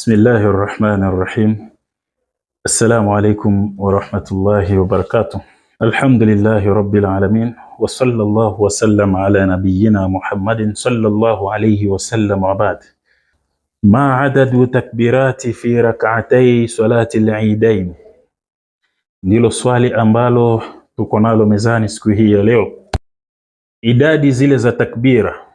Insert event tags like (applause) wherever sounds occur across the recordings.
بسم الله الرحمن الرحيم السلام عليكم ورحمة الله وبركاته الحمد لله رب العالمين وصلى الله وسلم على نبينا محمد صلى الله عليه وسلم وبعد ما عدد تكبيرات في ركعتي صلاة العيدين ndilo swali ambalo tuko nalo mezani siku hii ya leo idadi zile za takbira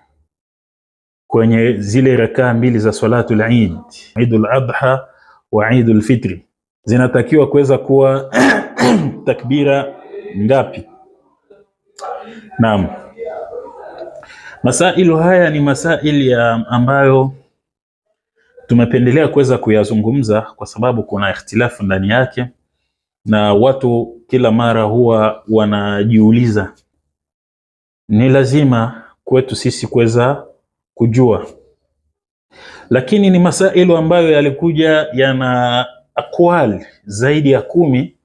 kwenye zile rakaa mbili za salatu al-Eid, Eidul Adha wa Eidul Fitri zinatakiwa kuweza kuwa (clears throat) takbira ngapi? Naam, masailu haya ni masaili ya ambayo tumependelea kuweza kuyazungumza kwa sababu kuna ikhtilafu ndani yake, na watu kila mara huwa wanajiuliza, ni lazima kwetu sisi kuweza kujua, lakini ni masailu ambayo yalikuja yana akwal zaidi ya kumi,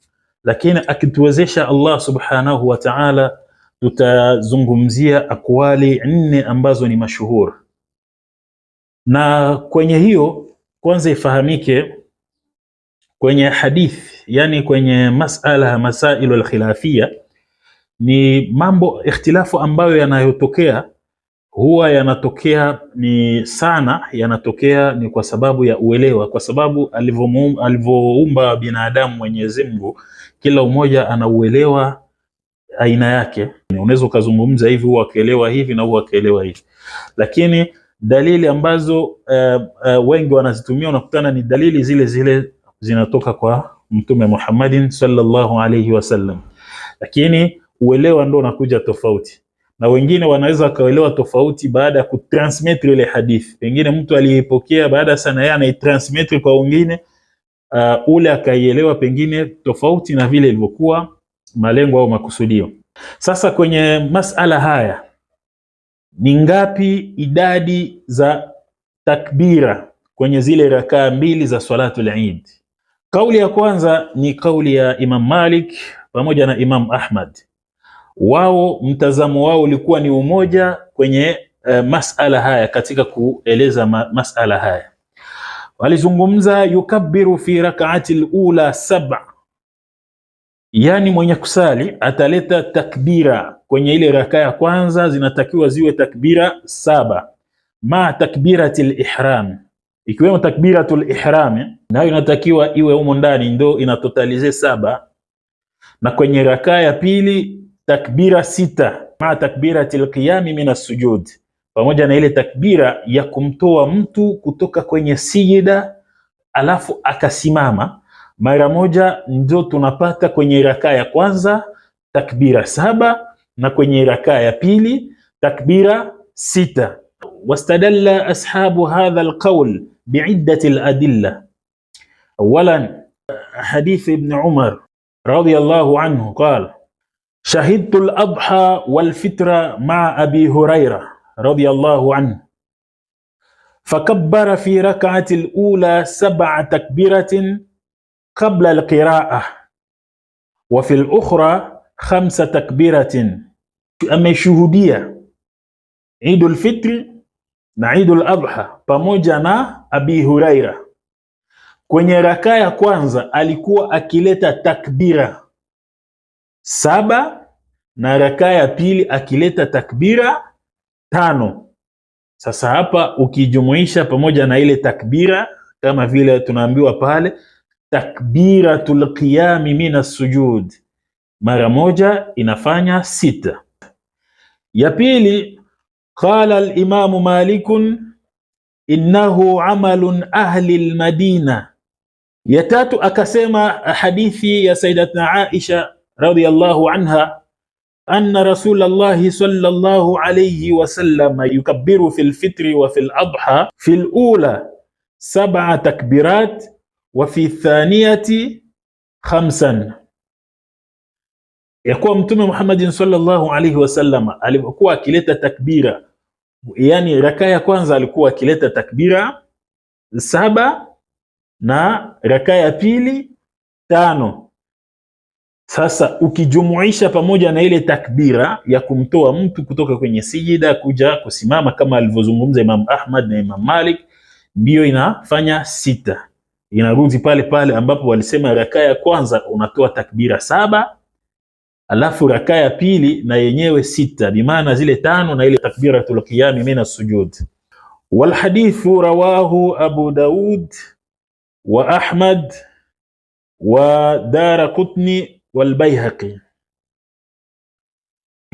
lakini akituwezesha Allah subhanahu wa ta'ala tutazungumzia akwali nne ambazo ni mashuhur, na kwenye hiyo kwanza ifahamike kwenye hadith, yani kwenye masala masailu alkhilafia ni mambo ikhtilafu ambayo yanayotokea huwa yanatokea ni sana, yanatokea ni kwa sababu ya uelewa, kwa sababu alivyoumba binadamu Mwenyezi Mungu, kila mmoja anauelewa aina yake. Unaweza ukazungumza hivi, huwa akaelewa hivi na huwa akaelewa hivi, lakini dalili ambazo uh, uh, wengi wanazitumia unakutana ni dalili zile zile zinatoka kwa Mtume Muhammadin sallallahu alayhi wasallam, lakini uelewa ndo unakuja tofauti na wengine wanaweza wakaelewa tofauti baada ya kutransmetri ile hadithi. Pengine mtu aliyeipokea baada sana, yeye anaitransmetri kwa wengine uh, ule akaielewa pengine tofauti na vile ilivyokuwa malengo au makusudio. Sasa kwenye masala haya, ni ngapi idadi za takbira kwenye zile rakaa mbili za swalatul Eid? Kauli ya kwanza ni kauli ya Imam Malik pamoja na Imam Ahmad wao mtazamo wao ulikuwa ni umoja kwenye uh, masala haya katika kueleza ma, masala haya walizungumza, yukabiru fi rak'ati alula sab'a, yani mwenye kusali ataleta takbira kwenye ile raka ya kwanza, zinatakiwa ziwe takbira saba, ma takbirati ihram ikiwemo takbiratul ihram nayo inatakiwa iwe humo ndani, ndo inatotalize saba. Na kwenye raka ya pili takbira sita maa takbirati lqiyami min assujud, pamoja na ile takbira ya kumtoa mtu kutoka kwenye sijida alafu akasimama mara moja, ndio tunapata kwenye rakaa ya kwanza takbira saba na kwenye rakaa ya pili takbira sita. Wastadalla ashabu hadha alqawl biiddati aladilla. Awalan hadith ibn Umar radiyallahu anhu qala Shahidtu al-adha wal-fitra ma'a Abi Huraira radiyallahu anhu fakabbara fi rak'ati al-ula sab'a takbiratin qabla al-qira'ah wa fi al-ukhra khamsa takbiratin, ameshuhudia Idul Fitri na Idul Adha pamoja na Abi Huraira. Kwenye rakaa ya kwanza alikuwa akileta takbira saba na rakaa ya pili akileta takbira tano. Sasa hapa ukijumuisha pamoja na ile takbira kama vile tunaambiwa pale takbiratul qiyami mina sujud mara moja inafanya sita. Ya pili, qala al-Imamu Malikun innahu amalun ahli al-Madina. Ya tatu akasema hadithi ya Sayyidatna Aisha radhiyallahu anha anna rasulallahi sallallahu alayhi wasallam yukabbiru fil fitri wa fil adha fil ula sab'a takbirat wa fi thaniyati khamsan, ya kuwa Mtume Muhammadin sallallahu alayhi wasallam alipokuwa akileta takbira, yani raka ya kwanza alikuwa akileta takbira saba na raka ya pili tano sasa ukijumuisha pamoja na ile takbira ya kumtoa mtu kutoka kwenye sijida kuja kusimama kama alivyozungumza Imam Ahmad na Imam Malik, ndiyo inafanya sita. Inarudi pale pale ambapo walisema rakaa ya kwanza unatoa takbira saba, alafu rakaa ya pili na yenyewe sita, bimaana zile tano na ile takbiratul qiyam mina sujud. Wal hadithu rawahu Abu Daud wa Ahmad wa qutni walbaihaqi.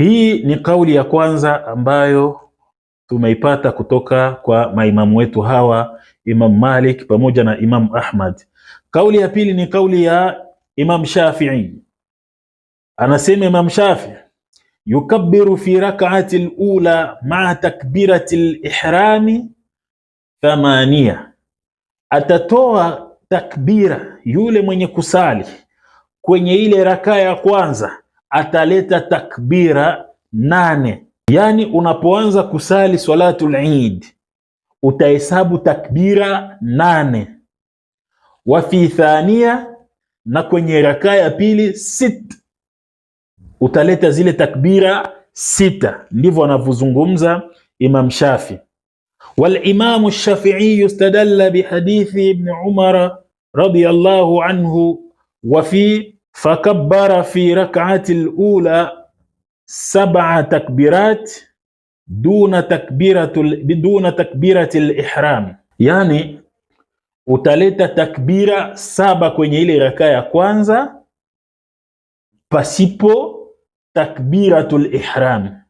Hii ni kauli ya kwanza ambayo tumeipata kutoka kwa maimamu wetu hawa, Imam Malik pamoja na Imam Ahmad. Kauli ya pili ni kauli ya Imam Shafi'i, anasema Imam Shafi'i yukabbiru fi rak'ati al-ula ma'a takbirati al-ihrami thamania, atatoa takbira yule mwenye kusali kwenye ile rakaa ya kwanza ataleta takbira nane. Yaani, unapoanza kusali swalatul Eid utahesabu takbira nane, wa fi thania, na kwenye rakaa ya pili sit, utaleta zile takbira sita. Ndivyo anavyozungumza Imam Shafi. Walimamu Shafiiyu stadalla bihadithi Ibni Umara radiyallahu anhu wa fi fakabbara fi rak'ati al-ula sab'a takbirat duna takbiratul biduna takbirati al-ihram, yani utaleta takbira saba kwenye ile raka ya kwanza pasipo takbiratul ihram.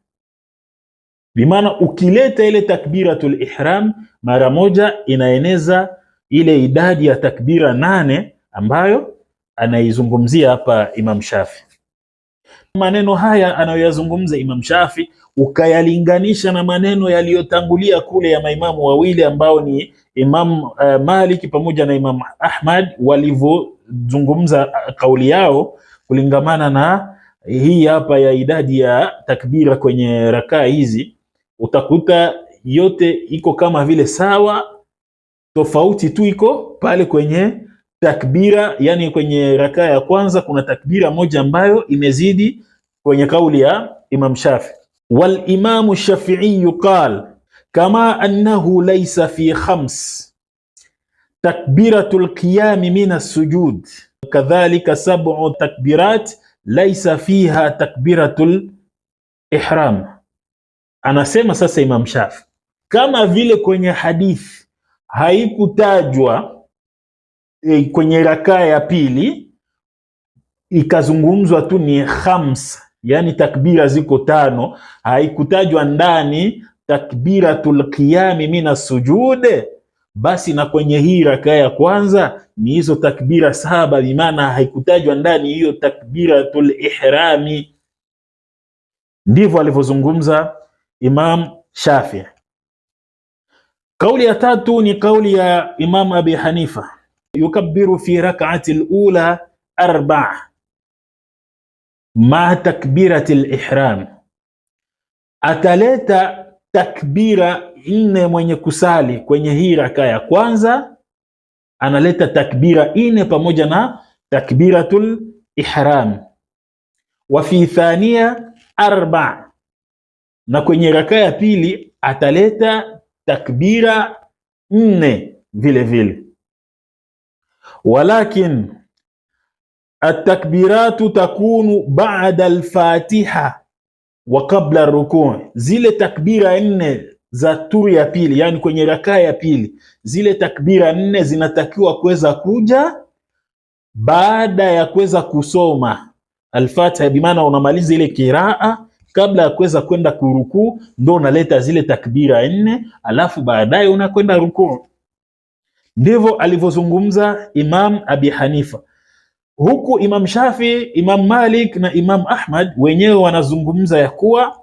Bimaana ukileta ile takbiratul ihram mara moja inaeneza ile idadi ya takbira nane ambayo anaizungumzia hapa Imam Shafi. Maneno haya anayoyazungumza Imam Shafi ukayalinganisha na maneno yaliyotangulia kule ya maimamu wawili ambao ni Imam uh, Malik pamoja na Imam Ahmad walivyozungumza eh, kauli yao kulingamana na hii hapa ya idadi ya takbira kwenye rakaa hizi, utakuta yote iko kama vile sawa, tofauti tu iko pale kwenye takbira, yani kwenye rakaa ya kwanza kuna takbira moja ambayo imezidi kwenye kauli ya Imam Shafi. Wal Imam Shafi'i qal kama annahu laysa fi khams takbiratul qiyam min as-sujud kadhalika sab'u takbirat laysa fiha takbiratul ihram. Anasema sasa Imam Shafi, kama vile kwenye hadithi haikutajwa e, kwenye rakaa ya pili ikazungumzwa tu ni khams, yani takbira ziko tano, haikutajwa ndani takbiratul qiyami mina sujude. Basi na kwenye hii rakaa ya kwanza ni hizo takbira saba, bimaana haikutajwa ndani hiyo takbiratul ihrami. Ndivyo alivyozungumza Imam Shafii. Kauli ya tatu ni kauli ya Imam Abi Hanifa yukabbiru fi rak'ati al-ula arba' ma takbirati al-ihram, ataleta takbira nne mwenye kusali kwenye hii raka ya kwanza, analeta takbira nne pamoja na takbiratul ihram. Wa fi thania arba, na kwenye raka ya pili ataleta takbira nne vile vile walakin atakbiratu takunu baada alfatiha wa kabla rukuu, zile takbira nne za turi ya pili, yani kwenye rakaa ya pili, zile takbira nne zinatakiwa kuweza kuja baada ya kuweza kusoma alfatiha, bimaana unamaliza ile kiraa kabla ya kuweza kwenda kurukuu, ndo unaleta zile takbira nne, alafu baadaye unakwenda rukuu. Ndivyo alivyozungumza Imam Abi Hanifa, huku Imam Shafi, Imam Malik na Imam Ahmad wenyewe wanazungumza ya kuwa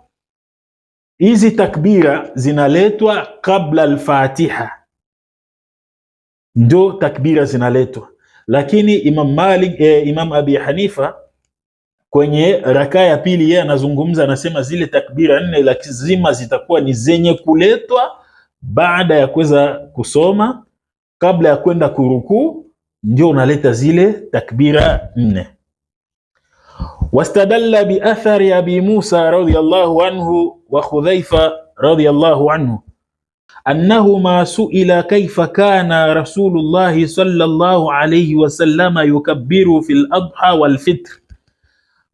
hizi takbira zinaletwa kabla al-Fatiha, ndio takbira zinaletwa. Lakini Imam Malik, eh, Imam Abi Hanifa kwenye raka ya pili yeye anazungumza, anasema zile takbira nne lazima zitakuwa ni zenye kuletwa baada ya kuweza kusoma kabla ya kwenda kurukuu, ndio unaleta zile takbira nne. Wastadalla biathari abi Musa radhiyallahu anhu wa khudhaifa radhiyallahu anhu annahuma suila kaifa kana rasulullahi sallallahu alayhi wasallama yukabbiru fi ladha wal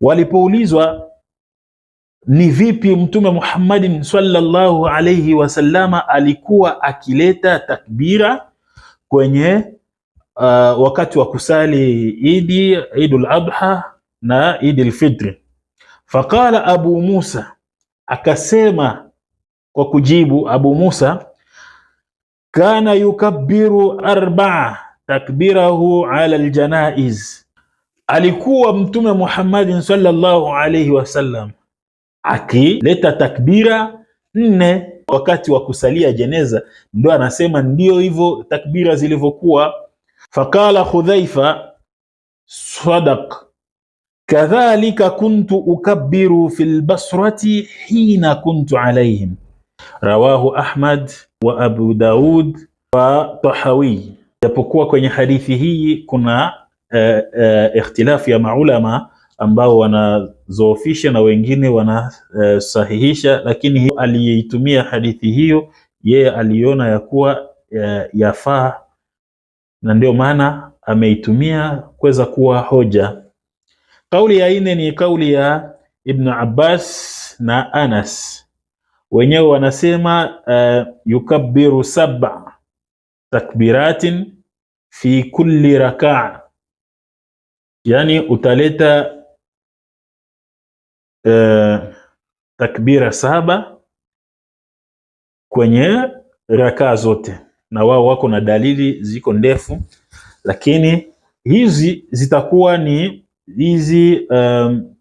walipoulizwa ni vipi Mtume Muhammadin sallallahu alayhi wasallama alikuwa akileta takbira kwenye uh, wakati wa kusali Idi, Idul Adha na Idil Fitri. Faqala Abu Musa, akasema kwa kujibu Abu Musa, kana yukabbiru arba'a takbirahu ala aljanaiz, alikuwa Mtume Muhammadin sallallahu alayhi wasallam akileta takbira nne wakati wa kusalia jeneza, ndo anasema ndio hivyo takbira zilivyokuwa. Faqala Hudhaifa, sadaq kadhalika kuntu ukabiru fi lbasrati hina kuntu alayhim rawahu Ahmad wa Abu Daud wa Tahawi. Japokuwa kwenye hadithi hii kuna uh, uh, ikhtilafu ya maulama ambao wanazoofisha na wengine wanasahihisha, lakini aliyeitumia hadithi hiyo yeye aliona ya kuwa e, yafaa na ndio maana ameitumia kuweza kuwa hoja. Kauli ya nne ni kauli ya Ibn Abbas na Anas, wenyewe wanasema uh, yukabbiru sab'a takbiratin fi kulli raka'a, yani utaleta E, takbira saba kwenye rakaa zote, na wao wako na dalili ziko ndefu, lakini hizi zitakuwa ni hizi um,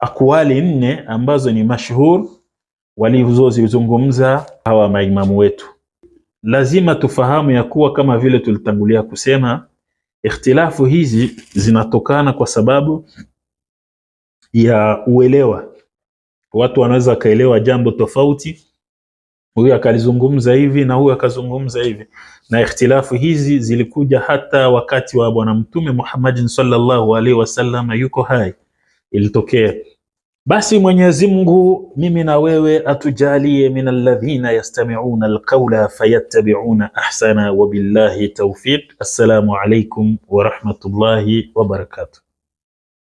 akwali nne ambazo ni mashuhur walizozizungumza hawa maimamu wetu. Lazima tufahamu ya kuwa kama vile tulitangulia kusema, ikhtilafu hizi zinatokana kwa sababu ya uelewa. Watu wanaweza wakaelewa jambo tofauti, huyu akalizungumza hivi na huyu akazungumza hivi, na ikhtilafu hizi zilikuja hata wakati wa Bwana Mtume Muhammadin sallallahu alaihi wasallam yuko hai, ilitokea. Basi Mwenyezi Mungu mimi na wewe atujalie min alladhina yastami'una alqawla fayattabi'una ahsana, wabillahi tawfiq. Assalamu alaykum wa rahmatullahi wa barakatuh.